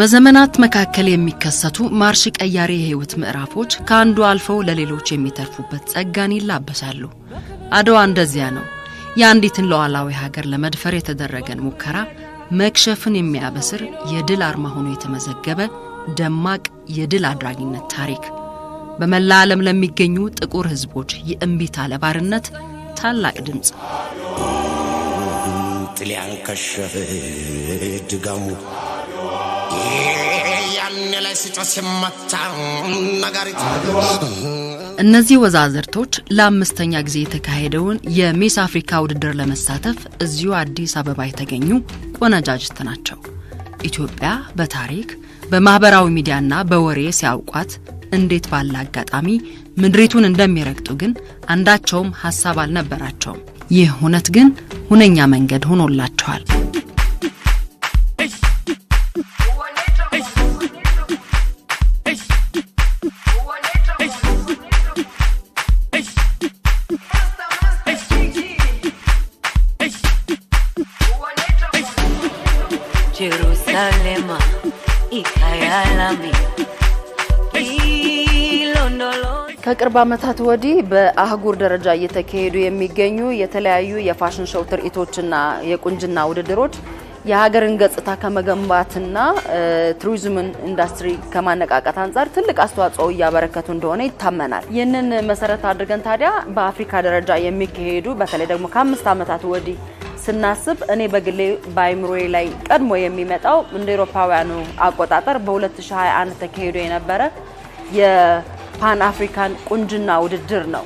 በዘመናት መካከል የሚከሰቱ ማርሽ ቀያሪ የህይወት ምዕራፎች ከአንዱ አልፈው ለሌሎች የሚተርፉበት ጸጋን ይላበሳሉ። አድዋ እንደዚያ ነው። የአንዲትን ሉዓላዊ ሀገር ለመድፈር የተደረገን ሙከራ መክሸፍን የሚያበስር የድል አርማ ሆኖ የተመዘገበ ደማቅ የድል አድራጊነት ታሪክ በመላ ዓለም ለሚገኙ ጥቁር ህዝቦች የእምቢታ ለባርነት ታላቅ ድምፅ ጥሊያን ከሸፈ ድጋሙ እነዚህ ወዛዝርቶች ለአምስተኛ ጊዜ የተካሄደውን የሚስ አፍሪካ ውድድር ለመሳተፍ እዚሁ አዲስ አበባ የተገኙ ቆነጃጅት ናቸው። ኢትዮጵያ በታሪክ በማኅበራዊ ሚዲያና በወሬ ሲያውቋት እንዴት ባለ አጋጣሚ ምድሪቱን እንደሚረግጡ ግን አንዳቸውም ሐሳብ አልነበራቸውም። ይህ እውነት ግን ሁነኛ መንገድ ሆኖላቸዋል። ከቅርብ ዓመታት ወዲህ በአህጉር ደረጃ እየተካሄዱ የሚገኙ የተለያዩ የፋሽን ሾው ትርኢቶችና የቁንጅና ውድድሮች የሀገርን ገጽታ ከመገንባትና ቱሪዝምን ኢንዱስትሪ ከማነቃቃት አንጻር ትልቅ አስተዋጽኦ እያበረከቱ እንደሆነ ይታመናል። ይህንን መሰረት አድርገን ታዲያ በአፍሪካ ደረጃ የሚካሄዱ በተለይ ደግሞ ከአምስት ዓመታት ወዲህ ስናስብ እኔ በግሌ በአይምሮዬ ላይ ቀድሞ የሚመጣው እንደ ኤሮፓውያኑ አቆጣጠር በ2021 ተካሄዶ የነበረ ፓን አፍሪካን ቁንጅና ውድድር ነው።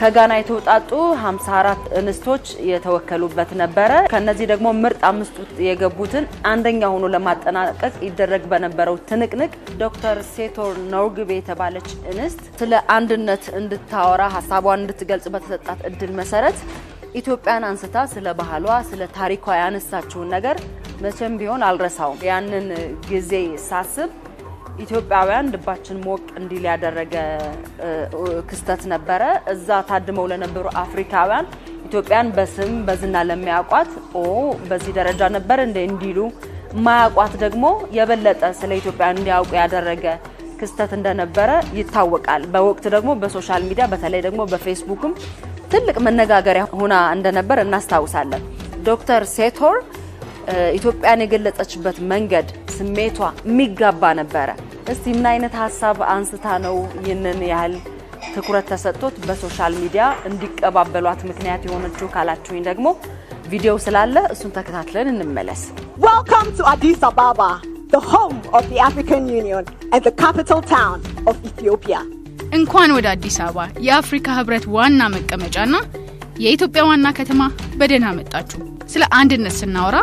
ከጋና የተውጣጡ 54 እንስቶች የተወከሉበት ነበረ። ከነዚህ ደግሞ ምርጥ አምስት ውስጥ የገቡትን አንደኛ ሆኖ ለማጠናቀቅ ይደረግ በነበረው ትንቅንቅ ዶክተር ሴቶር ኖርግቤ የተባለች እንስት ስለ አንድነት እንድታወራ ሀሳቧን እንድትገልጽ በተሰጣት እድል መሰረት ኢትዮጵያን አንስታ ስለ ባህሏ፣ ስለ ታሪኳ ያነሳችውን ነገር መቼም ቢሆን አልረሳውም። ያንን ጊዜ ሳስብ ኢትዮጵያውያን ልባችን ሞቅ እንዲል ያደረገ ክስተት ነበረ። እዛ ታድመው ለነበሩ አፍሪካውያን ኢትዮጵያን በስም በዝና ለሚያውቋት ኦ በዚህ ደረጃ ነበር እንደ እንዲሉ ማያውቋት ደግሞ የበለጠ ስለ ኢትዮጵያ እንዲያውቁ ያደረገ ክስተት እንደነበረ ይታወቃል። በወቅት ደግሞ በሶሻል ሚዲያ በተለይ ደግሞ በፌስቡክም ትልቅ መነጋገሪያ ሆና እንደነበር እናስታውሳለን። ዶክተር ሴቶር ኢትዮጵያን የገለጸችበት መንገድ ስሜቷ የሚጋባ ነበረ። እስቲ ምን አይነት ሀሳብ አንስታ ነው ይህንን ያህል ትኩረት ተሰጥቶት በሶሻል ሚዲያ እንዲቀባበሏት ምክንያት የሆነችው ካላችሁኝ ደግሞ ቪዲዮ ስላለ እሱን ተከታትለን እንመለስ። Welcome to Addis Ababa, the home of the African Union and the capital town of Ethiopia. እንኳን ወደ አዲስ አበባ የአፍሪካ ህብረት ዋና መቀመጫና የኢትዮጵያ ዋና ከተማ በደህና መጣችሁ። ስለ አንድነት ስናወራ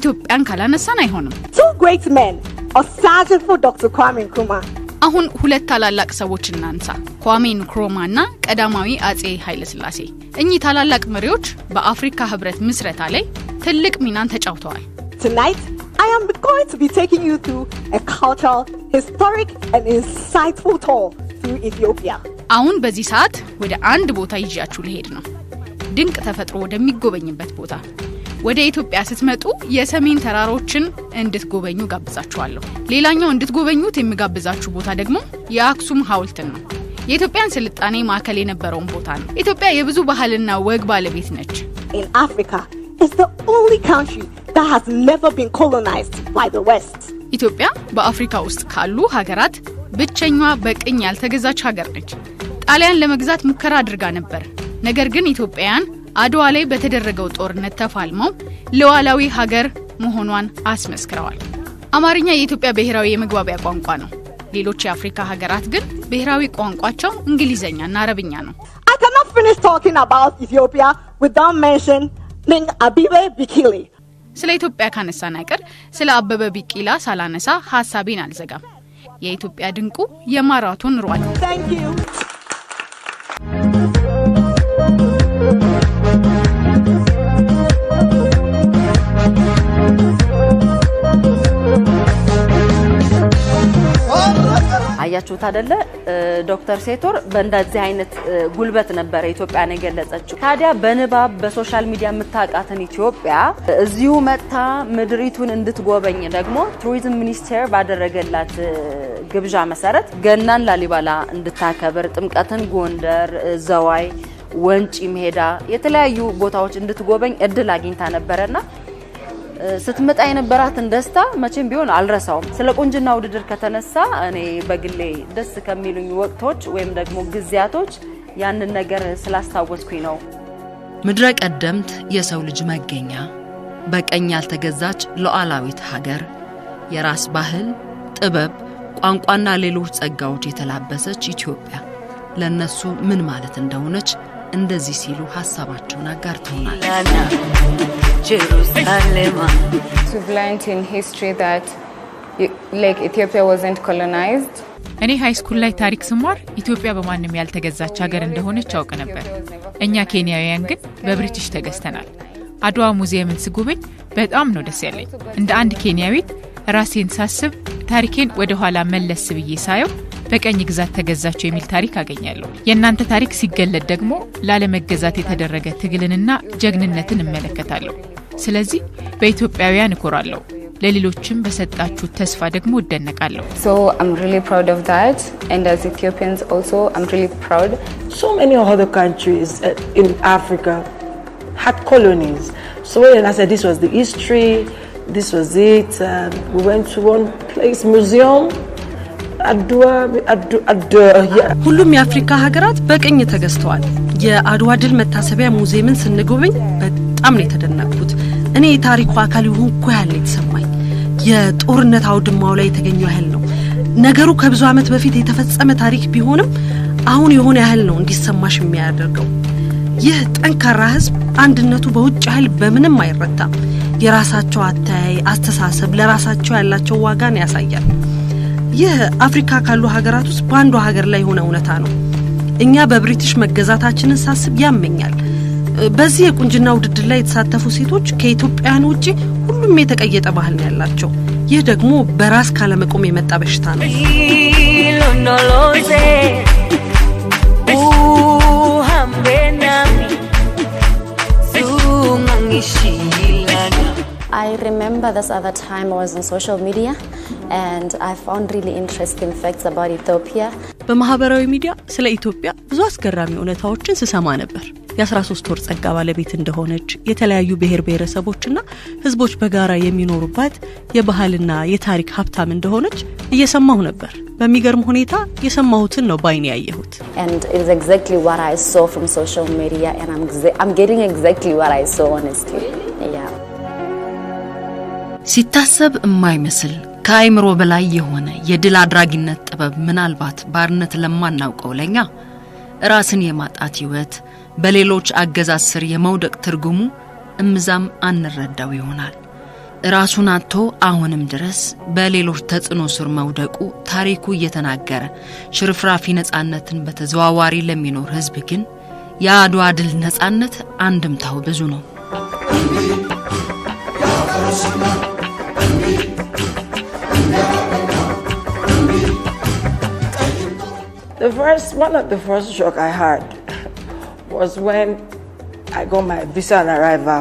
ኢትዮጵያን ካላነሳን አይሆንም። Two great men አሁን ሁለት ታላላቅ ሰዎች እናንሳ፣ ኳሜ ንክሮማ እና ቀዳማዊ አጼ ኃይለስላሴ እኚህ ታላላቅ መሪዎች በአፍሪካ ህብረት ምስረታ ላይ ትልቅ ሚናን ተጫውተዋል። አሁን በዚህ ሰዓት ወደ አንድ ቦታ ይዣችሁ ልሄድ ነው፣ ድንቅ ተፈጥሮ ወደሚጎበኝበት ቦታ ወደ ኢትዮጵያ ስትመጡ የሰሜን ተራሮችን እንድትጎበኙ ጋብዛችኋለሁ። ሌላኛው እንድትጎበኙት የሚጋብዛችሁ ቦታ ደግሞ የአክሱም ሐውልትን ነው። የኢትዮጵያን ስልጣኔ ማዕከል የነበረውን ቦታ ነው። ኢትዮጵያ የብዙ ባህልና ወግ ባለቤት ነች። ኢትዮጵያ በአፍሪካ ውስጥ ካሉ ሀገራት ብቸኛዋ በቅኝ ያልተገዛች ሀገር ነች። ጣሊያን ለመግዛት ሙከራ አድርጋ ነበር። ነገር ግን ኢትዮጵያውያን አድዋ ላይ በተደረገው ጦርነት ተፋልመው ሉዓላዊ ሀገር መሆኗን አስመስክረዋል። አማርኛ የኢትዮጵያ ብሔራዊ የመግባቢያ ቋንቋ ነው። ሌሎች የአፍሪካ ሀገራት ግን ብሔራዊ ቋንቋቸው እንግሊዘኛና አረብኛ ነው። ስለ ኢትዮጵያ ካነሳን አይቀር ስለ አበበ ቢቂላ ሳላነሳ ሀሳቤን አልዘጋም። የኢትዮጵያ ድንቁ የማራቶን ሯጭ ሰማችሁት አደለ? ዶክተር ሴቶር በእንደዚህ አይነት ጉልበት ነበረ ኢትዮጵያን የገለጸችው። ታዲያ በንባብ በሶሻል ሚዲያ የምታውቃትን ኢትዮጵያ እዚሁ መጥታ ምድሪቱን እንድትጎበኝ ደግሞ ቱሪዝም ሚኒስቴር ባደረገላት ግብዣ መሰረት ገናን ላሊበላ እንድታከብር፣ ጥምቀትን ጎንደር፣ ዘዋይ፣ ወንጪ መሄዳ የተለያዩ ቦታዎች እንድትጎበኝ እድል አግኝታ ነበረና ስትመጣ የነበራትን ደስታ መቼም ቢሆን አልረሳውም። ስለ ቁንጅና ውድድር ከተነሳ እኔ በግሌ ደስ ከሚሉኝ ወቅቶች ወይም ደግሞ ጊዜያቶች ያንን ነገር ስላስታወስኩኝ ነው። ምድረ ቀደምት የሰው ልጅ መገኛ፣ በቀኝ ያልተገዛች ሉዓላዊት ሀገር፣ የራስ ባህል፣ ጥበብ፣ ቋንቋና ሌሎች ጸጋዎች የተላበሰች ኢትዮጵያ ለእነሱ ምን ማለት እንደሆነች እንደዚህ ሲሉ ሀሳባቸውን አጋርተውናል። እኔ ሃይስኩል ላይ ታሪክ ስማር ኢትዮጵያ በማንም ያልተገዛች ሀገር እንደሆነች አውቅ ነበር። እኛ ኬንያውያን ግን በብሪቲሽ ተገዝተናል። አድዋ ሙዚየምን ስጎበኝ በጣም ነው ደስ ያለኝ። እንደ አንድ ኬንያዊት ራሴን ሳስብ ታሪኬን ወደኋላ መለስ ብዬ ሳየው በቀኝ ግዛት ተገዛቸው የሚል ታሪክ አገኛለሁ። የእናንተ ታሪክ ሲገለጥ ደግሞ ላለመገዛት የተደረገ ትግልንና ጀግንነትን እመለከታለሁ። ስለዚህ በኢትዮጵያውያን እኮራለሁ። ለሌሎችም በሰጣችሁ ተስፋ ደግሞ እደነቃለሁ። ስ ሁሉም የአፍሪካ ሀገራት በቅኝ ተገዝተዋል። የአድዋ ድል መታሰቢያ ሙዚየምን ስንጎበኝ በጣም ነው የተደነቅኩት። እኔ የታሪኩ አካል ይሆንኩ ያለ የተሰማኝ የጦርነት አውድማው ላይ የተገኘው ያህል ነው። ነገሩ ከብዙ ዓመት በፊት የተፈጸመ ታሪክ ቢሆንም አሁን የሆነ ያህል ነው እንዲሰማሽ የሚያደርገው። ይህ ጠንካራ ህዝብ አንድነቱ በውጭ ኃይል በምንም አይረታም። የራሳቸው አተያይ፣ አስተሳሰብ፣ ለራሳቸው ያላቸው ዋጋን ያሳያል። ይህ አፍሪካ ካሉ ሀገራት ውስጥ በአንዱ ሀገር ላይ የሆነ እውነታ ነው። እኛ በብሪቲሽ መገዛታችንን ሳስብ ያመኛል። በዚህ የቁንጅና ውድድር ላይ የተሳተፉ ሴቶች ከኢትዮጵያውያን ውጭ ሁሉም የተቀየጠ ባህል ነው ያላቸው። ይህ ደግሞ በራስ ካለመቆም የመጣ በሽታ ነው። She I remember this other time I was on social media and I found really interesting facts about Ethiopia. በማህበራዊ ሚዲያ ስለ ኢትዮጵያ ብዙ አስገራሚ እውነታዎችን ስሰማ ነበር። የ13 ወር ጸጋ ባለቤት እንደሆነች፣ የተለያዩ ብሔር ብሔረሰቦችና ህዝቦች በጋራ የሚኖሩባት የባህልና የታሪክ ሀብታም እንደሆነች እየሰማሁ ነበር። በሚገርም ሁኔታ የሰማሁትን ነው ባይን ያየሁት። And ሲታሰብ የማይመስል ከአይምሮ በላይ የሆነ የድል አድራጊነት ጥበብ ምናልባት ባርነት ለማናውቀው ለኛ ራስን የማጣት ህይወት በሌሎች አገዛዝ ስር የመውደቅ ትርጉሙ እምዛም አንረዳው ይሆናል። ራሱን አጥቶ አሁንም ድረስ በሌሎች ተጽዕኖ ስር መውደቁ ታሪኩ እየተናገረ ሽርፍራፊ ነጻነትን በተዘዋዋሪ ለሚኖር ህዝብ ግን የአድዋ ድል ነጻነት አንድምታው ብዙ ነው። The first, one of the first shock I had was when I got my visa on arrival.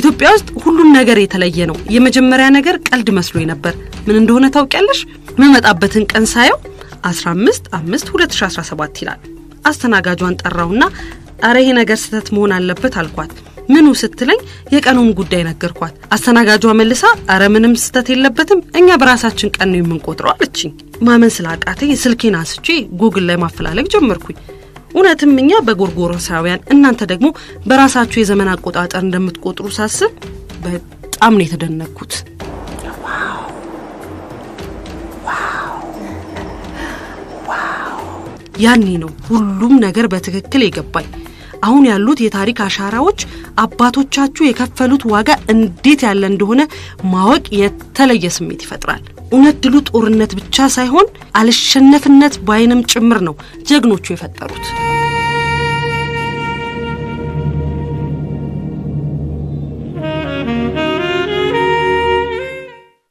ኢትዮጵያ ውስጥ ሁሉም ነገር የተለየ ነው። የመጀመሪያ ነገር ቀልድ መስሎ ነበር። ምን እንደሆነ ታውቂያለሽ? የምመጣበትን ቀን ሳየው 15 5 2017 ይላል። አስተናጋጇን ጠራውና አረ ይሄ ነገር ስህተት መሆን አለበት አልኳት። ምኑ ስትለኝ የቀኑን ጉዳይ ነገርኳት። አስተናጋጇ መልሳ አረ ምንም ስህተት የለበትም እኛ በራሳችን ቀን ነው የምንቆጥረው አለችኝ። ማመን ስላቃተኝ ስልኬን አንስቼ ጉግል ላይ ማፈላለግ ጀመርኩኝ። እውነትም እኛ በጎርጎሮሳውያን እናንተ ደግሞ በራሳችሁ የዘመን አቆጣጠር እንደምትቆጥሩ ሳስብ በጣም ነው የተደነቅኩት። ያኔ ነው ሁሉም ነገር በትክክል የገባኝ። አሁን ያሉት የታሪክ አሻራዎች አባቶቻችሁ የከፈሉት ዋጋ እንዴት ያለ እንደሆነ ማወቅ የተለየ ስሜት ይፈጥራል። እውነት ድሉ ጦርነት ብቻ ሳይሆን አልሸነፍነት ባይንም ጭምር ነው ጀግኖቹ የፈጠሩት።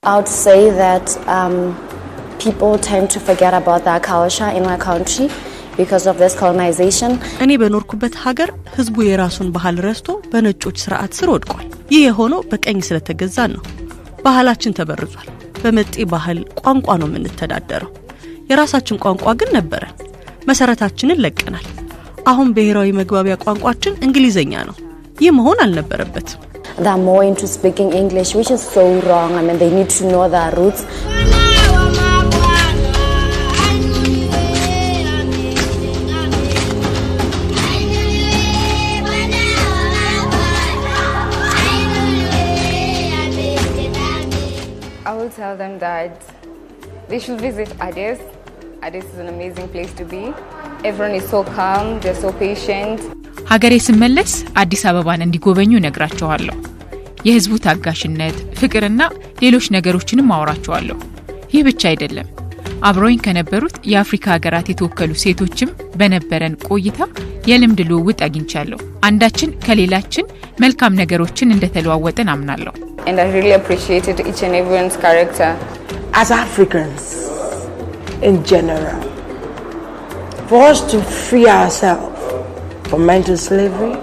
I would say that um, people tend to forget about in country. እኔ በኖርኩበት ሀገር ህዝቡ የራሱን ባህል ረስቶ በነጮች ስርዓት ስር ወድቋል። ይህ የሆነው በቀኝ ስለተገዛን ነው። ባህላችን ተበርዟል። በመጤ ባህል ቋንቋ ነው የምንተዳደረው። የራሳችን ቋንቋ ግን ነበረን። መሰረታችንን ለቀናል። አሁን ብሔራዊ መግባቢያ ቋንቋችን እንግሊዘኛ ነው። ይህ መሆን አልነበረበትም። tell them that they should visit Addis. Addis is an amazing place to be. Everyone is so calm, they're so patient. ሀገሬ ስመለስ አዲስ አበባን እንዲጎበኙ እነግራቸዋለሁ። የህዝቡ ታጋሽነት፣ ፍቅርና ሌሎች ነገሮችንም አወራቸዋለሁ። ይህ ብቻ አይደለም። አብረውኝ ከነበሩት የአፍሪካ ሀገራት የተወከሉ ሴቶችም በነበረን ቆይታ የልምድ ልውውጥ አግኝቻለሁ። አንዳችን ከሌላችን መልካም ነገሮችን እንደተለዋወጠን አምናለሁ። and I really appreciated each and everyone's character. As Africans in general, for us to free ourselves from mental slavery,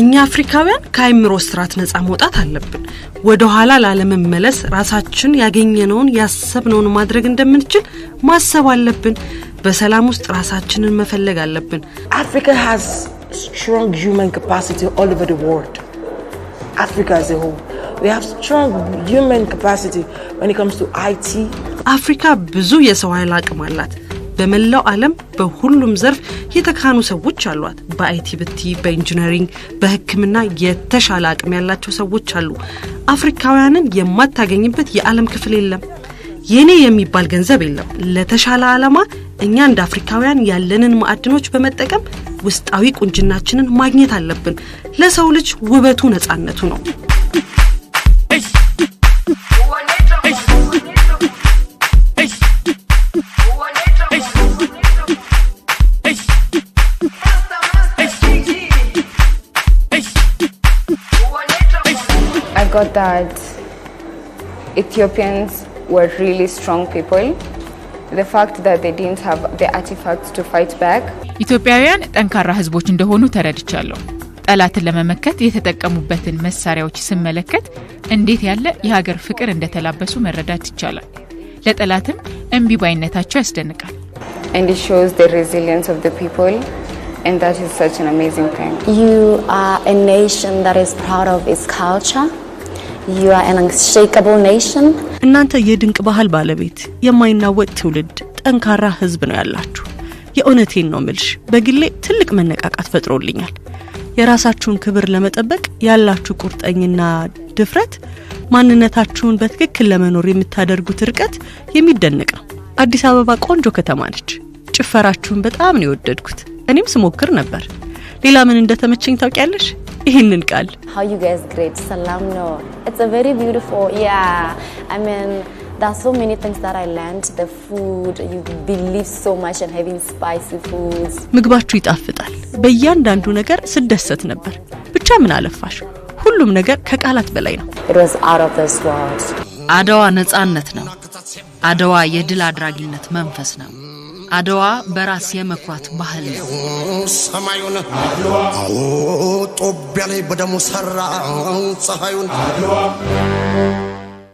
እኛ አፍሪካውያን ከአይምሮ ስርዓት ነጻ መውጣት አለብን። ወደኋላ ላለመመለስ ራሳችን ያገኘነውን ያሰብነውን ማድረግ እንደምንችል ማሰብ አለብን። በሰላም ውስጥ ራሳችንን መፈለግ አለብን። አፍሪካ ሃዝ ስትሮንግ ሂውማን ካፓሲቲ ኦል ኦቨር ወርልድ አፍሪካ ዘ we have strong human capacity when it comes to IT አፍሪካ ብዙ የሰው ኃይል አቅም አላት። በመላው ዓለም በሁሉም ዘርፍ የተካኑ ሰዎች አሏት። በአይቲ ብቲ፣ በኢንጂነሪንግ፣ በሕክምና የተሻለ አቅም ያላቸው ሰዎች አሉ። አፍሪካውያንን የማታገኝበት የዓለም ክፍል የለም። የኔ የሚባል ገንዘብ የለም። ለተሻለ ዓላማ እኛ እንደ አፍሪካውያን ያለንን ማዕድኖች በመጠቀም ውስጣዊ ቁንጅናችንን ማግኘት አለብን። ለሰው ልጅ ውበቱ ነፃነቱ ነው። got that Ethiopians were really strong people. The fact that they didn't have the artifacts to fight back. ኢትዮጵያውያን ጠንካራ ህዝቦች እንደሆኑ ተረድቻለሁ። ጠላትን ለመመከት የተጠቀሙበትን መሳሪያዎች ስመለከት እንዴት ያለ የሀገር ፍቅር እንደተላበሱ መረዳት ይቻላል። ለጠላትም እምቢ ባይነታቸው ያስደንቃል። And it shows the resilience of the people. And that is such an amazing thing. You are a nation that is proud of its culture. እናንተ የድንቅ ባህል ባለቤት፣ የማይናወጥ ትውልድ፣ ጠንካራ ህዝብ ነው ያላችሁ። የእውነቴን ነው ምልሽ፣ በግሌ ትልቅ መነቃቃት ፈጥሮልኛል። የራሳችሁን ክብር ለመጠበቅ ያላችሁ ቁርጠኝና ድፍረት፣ ማንነታችሁን በትክክል ለመኖር የምታደርጉት ርቀት የሚደነቅ ነው። አዲስ አበባ ቆንጆ ከተማ ነች። ጭፈራችሁን በጣም ነው የወደድኩት። እኔም ስሞክር ነበር። ሌላ ምን እንደተመቸኝ ታውቂያለሽ? ይህንን ቃል ሰላም ነው ምግባችሁ ይጣፍጣል። በእያንዳንዱ ነገር ስደሰት ነበር። ብቻ ምን አለፋሽ፣ ሁሉም ነገር ከቃላት በላይ ነው። አድዋ ነጻነት ነው። አድዋ የድል አድራጊነት መንፈስ ነው። አድዋ በራስ የመኩራት ባህል ነው። ሰማዩን ጦቢያ ላይ በደሞ ሰራ ፀሐዩን